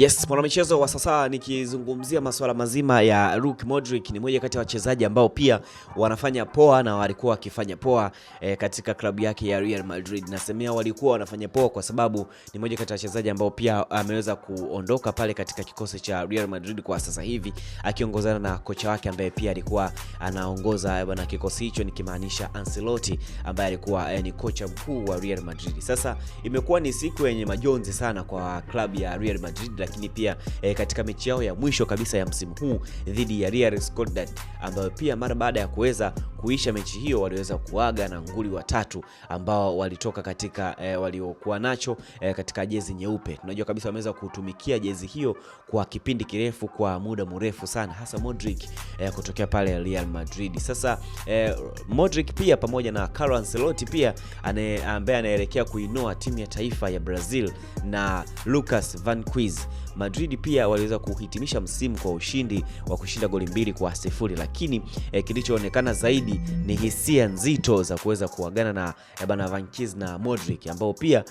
Yes, mwanamichezo wa sasa nikizungumzia masuala mazima ya Luka Modric ni mmoja kati ya wachezaji ambao pia wanafanya poa na walikuwa wakifanya poa e, katika klabu yake ya Real Madrid. Nasemea walikuwa wanafanya poa kwa sababu ni mmoja kati ya wachezaji ambao pia ameweza kuondoka pale katika kikosi cha Real Madrid kwa sasa hivi akiongozana na kocha wake ambaye pia alikuwa anaongoza eh, na kikosi hicho nikimaanisha Ancelotti ambaye alikuwa e, ni kocha mkuu wa Real Madrid. Sasa imekuwa ni siku yenye majonzi sana kwa klabu ya Real Madrid lakini pia e, katika mechi yao ya mwisho kabisa ya msimu huu dhidi ya Real Sociedad ambayo pia mara baada ya kuweza kuisha mechi hiyo waliweza kuaga na nguli watatu ambao walitoka katika e, waliokuwa nacho e, katika jezi nyeupe. Tunajua kabisa wameweza kutumikia jezi hiyo kwa kipindi kirefu, kwa muda mrefu sana, hasa Modric e, kutokea pale Real Madrid. Sasa e, Modric pia pamoja na Carlo Ancelotti pia ane, ambaye anaelekea kuinoa timu ya taifa ya Brazil na Lucas Vazquez. Madrid pia waliweza kuhitimisha msimu kwa ushindi wa kushinda goli mbili kwa sifuri, lakini e, kilichoonekana zaidi zaidi ni hisia nzito za kuweza kuagana na eh, bana Vankis na Modric ambao pia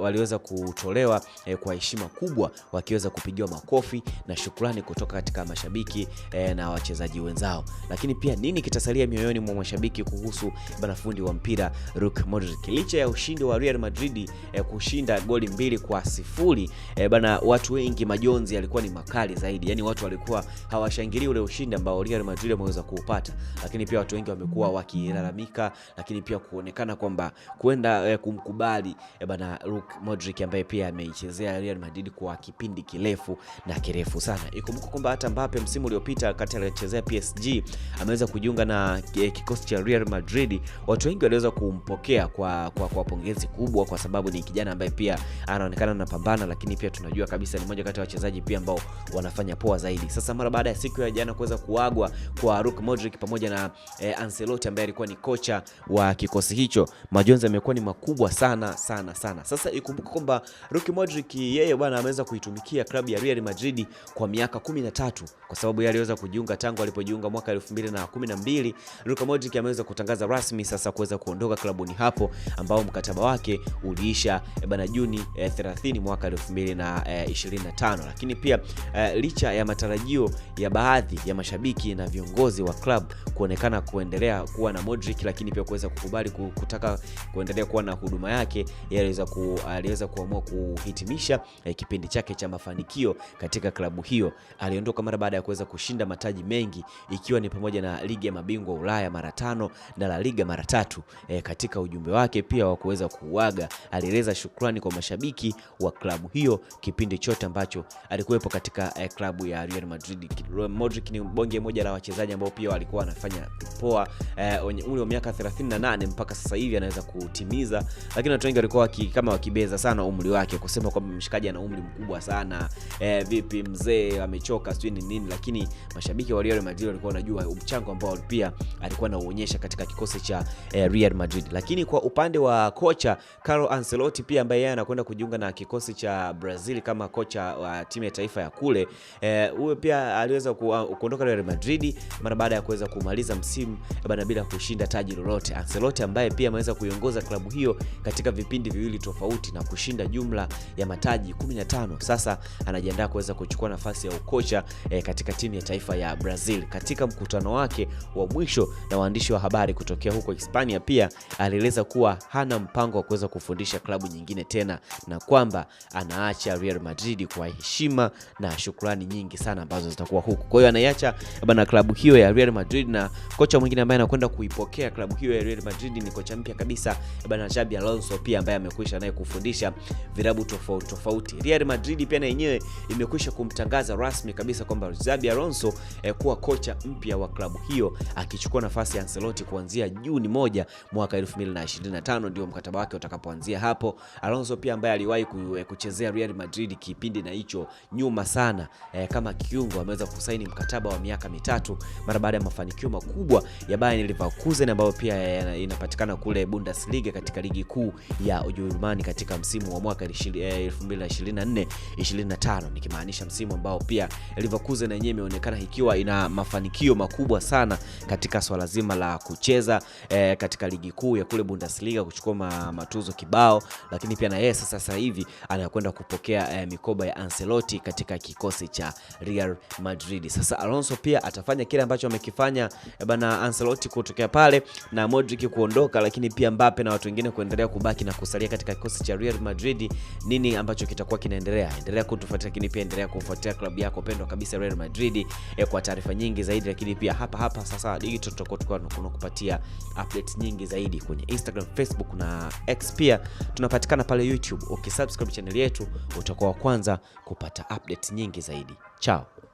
waliweza kutolewa eh, kwa heshima kubwa wakiweza kupigiwa makofi na shukrani kutoka katika mashabiki eh, na wachezaji wenzao. Lakini pia nini kitasalia mioyoni mwa mashabiki kuhusu bana fundi wa mpira Luka Modric licha ya ushindi wa Real Madrid eh, kushinda goli mbili kwa sifuri eh, bana watu wengi majonzi yalikuwa ni makali zaidi, yani watu walikuwa hawashangilii ule ushindi ambao Real Madrid wameweza kuupata, lakini pia watu wengi wamekuwa wakilalamika, lakini pia kuonekana kwamba kwenda eh, kumkubali eh, bana Luka Modric ambaye pia ameichezea Real Madrid kwa kipindi kirefu na kirefu sana. Ikumbuka kwamba hata Mbappe msimu uliopita kati alichezea PSG ameweza kujiunga na eh, kikosi cha Real Madrid. Watu wengi waliweza kumpokea kwa, kwa, kwa pongezi kubwa, kwa sababu ni kijana ambaye pia anaonekana anapambana, lakini pia tunajua kabisa ni mmoja kati ya wachezaji pia ambao wanafanya poa zaidi. Sasa mara baada ya siku ya jana kuweza kuagwa kwa Luka Modric pamoja na eh, eh, Ancelotti ambaye alikuwa ni kocha wa kikosi hicho, majonzi amekuwa ni makubwa sana sana sana. Sasa ikumbuka kwamba Luka Modric yeye bwana ameweza kuitumikia klabu ya Real Madrid kwa miaka 13 kwa sababu yeye aliweza kujiunga tangu alipojiunga mwaka 2012. Luka Modric ameweza kutangaza rasmi sasa kuweza kuondoka klabuni hapo ambao mkataba wake uliisha eh, bana Juni eh, 30 mwaka 2025, eh, lakini pia eh, licha ya matarajio ya baadhi ya mashabiki na viongozi wa klabu kuonekana ku kuendelea kuwa na Modric, lakini pia kuweza kukubali kutaka kuendelea kuwa na huduma yake, aliweza ku, aliweza kuamua kuhitimisha eh, kipindi chake cha mafanikio katika klabu hiyo. Aliondoka mara baada ya kuweza kushinda mataji mengi ikiwa ni pamoja na ligi ya mabingwa Ulaya mara tano na La Liga mara tatu. Eh, katika ujumbe wake pia wa kuweza kuuaga, alieleza shukrani kwa mashabiki wa klabu hiyo kipindi chote ambacho alikuwepo katika eh, klabu ya Real Madrid. Modric ni bonge moja la wachezaji ambao pia walikuwa wanafanya alikuwa eh, umri wa miaka 38 mpaka sasa hivi anaweza kutimiza, lakini watu wengi walikuwa kama wakibeza sana umri wake kusema kwamba mshikaji ana umri mkubwa sana eh, vipi mzee amechoka sijui ni nini, lakini mashabiki wa Real Madrid walikuwa wanajua mchango ambao pia alikuwa anauonyesha katika kikosi cha eh, Real Madrid. Lakini kwa upande wa kocha Carlo Ancelotti pia ambaye yeye anakwenda kujiunga na kikosi cha Brazil kama kocha wa timu ya taifa ya kule eh, huyo eh, pia aliweza kuondoka Real Madrid mara baada ya kuweza kumaliza msimu bana bila kushinda taji lolote. Ancelotti ambaye pia ameweza kuiongoza klabu hiyo katika vipindi viwili tofauti na kushinda jumla ya mataji 15, sasa anajiandaa kuweza kuchukua nafasi ya ukocha eh, katika timu ya taifa ya Brazil. Katika mkutano wake wa mwisho na waandishi wa habari kutokea huko Hispania, pia alieleza kuwa hana mpango wa kuweza kufundisha klabu nyingine tena na kwamba anaacha Real Madrid kwa heshima na shukrani nyingi sana ambazo zitakuwa huko. Kwa hiyo anaiacha bana klabu hiyo ya Real Madrid na kocha mwingine ambaye anakwenda kuipokea klabu hiyo ya Real Madrid ni kocha mpya kabisa bwana Xabi Alonso pia ambaye amekwisha naye kufundisha vilabu tofauti tofauti. Real Madrid pia na yenyewe imekwisha kumtangaza rasmi kabisa kwamba Xabi Alonso eh, kuwa kocha mpya wa klabu hiyo akichukua nafasi ya Ancelotti kuanzia Juni moja mwaka 2025 ndio mkataba wake utakapoanzia hapo. Alonso pia ambaye aliwahi eh, kuchezea Real Madrid kipindi na hicho nyuma sana eh, kama kiungo ameweza kusaini mkataba wa miaka mitatu mara baada ya mafanikio makubwa ya Bayern Leverkusen ambayo pia inapatikana kule Bundesliga katika ligi kuu ya Ujerumani katika msimu wa mwaka 2024 25, nikimaanisha msimu ambao pia Leverkusen yenyewe imeonekana ikiwa ina mafanikio makubwa sana katika swala zima la kucheza eh, katika ligi kuu ya kule Bundesliga kuchukua ma, matuzo kibao, lakini pia na yeye sasa hivi anakwenda kupokea eh, mikoba ya Ancelotti katika kikosi cha Real Madrid. Sasa Alonso pia atafanya kile ambacho amekifanya eh, bana Ancelotti kutokea pale na Modric kuondoka, lakini pia Mbappe na watu wengine kuendelea kubaki na kusalia katika kikosi cha Real Madrid, nini ambacho kitakuwa kinaendelea? Endelea kutufuatia, lakini pia endelea kumfuatia klabu yako pendwa kabisa Real Madrid e, kwa taarifa nyingi zaidi, lakini pia hapa hapa sasa digital tutakuwa kupatia updates nyingi zaidi kwenye Instagram, Facebook na X, pia tunapatikana pale YouTube. Ukisubscribe channel yetu utakuwa wa kwanza kupata updates nyingi zaidi. Chao.